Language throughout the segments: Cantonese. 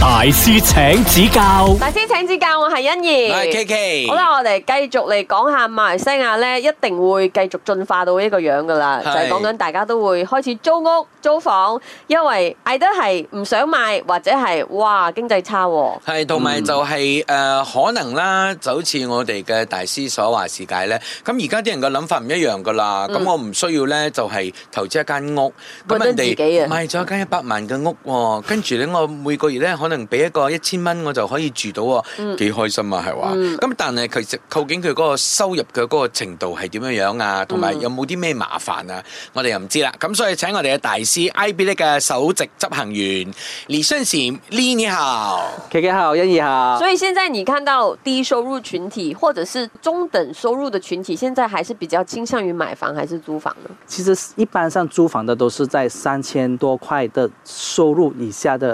大師請指教，大師請指教，我係欣怡，係 K K。好啦，我哋繼續嚟講下馬來西亞咧，一定會繼續進化到呢個樣噶啦，就係講緊大家都會開始租屋、租房，因為嗌得係唔想買或者係哇經濟差，係同埋就係誒可能啦，就好似我哋嘅大師所話是解咧。咁而家啲人嘅諗法唔一樣噶啦，咁我唔需要咧就係投資一間屋，咁你自己啊，賣咗一間一百萬嘅屋，跟住咧。等我每個月咧，可能俾一個一千蚊，我就可以住到、哦，幾開心啊，係、嗯、話。咁、嗯、但係其實究竟佢嗰個收入嘅嗰個程度係點樣樣啊？同埋有冇啲咩麻煩啊？嗯、我哋又唔知啦。咁所以請我哋嘅大師 iBilik 嘅首席執行員李盛喜 Lee 你好琪琪好，任怡好。所以現在你看到低收入群體，或者是中等收入嘅群體，現在還是比較傾向於買房，還是租房呢？其實一般上租房的都是在三千多塊的收入以下的。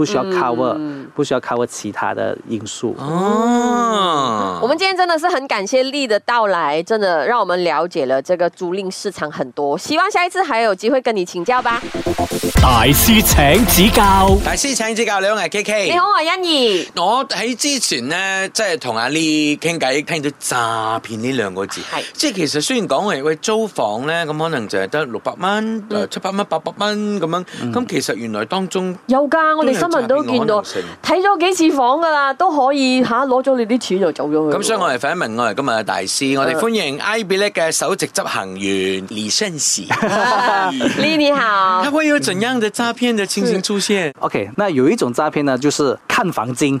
不需要 cover，嗯、不需要 cover 其他的因素。哦、啊，我們今天真的是很感謝力的到來，真的讓我們了解了這個租賃市場很多。希望下一次還有機會跟你請教吧。大師請指教，大師請指教，你好。我係 K K，你好，我係欣怡。我喺之前呢，即係同阿力傾偈，聽到詐騙呢兩個字，係即係其實雖然講嚟喂租房咧，咁可能就係得六百蚊、誒七百蚊、八百蚊咁樣，咁、嗯、其實原來當中有噶，我哋市民都見到睇咗幾次房噶啦，都可以嚇攞咗你啲錢就走咗去。咁所以我嚟反問我嚟今日嘅大師，嗯、我哋歡迎 iBilik 嘅首席執行員李盛喜。李你、啊、 好。他會有怎樣嘅詐騙的情形出現？OK，那有一種詐騙呢，就是看房金。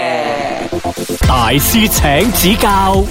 大師請指教。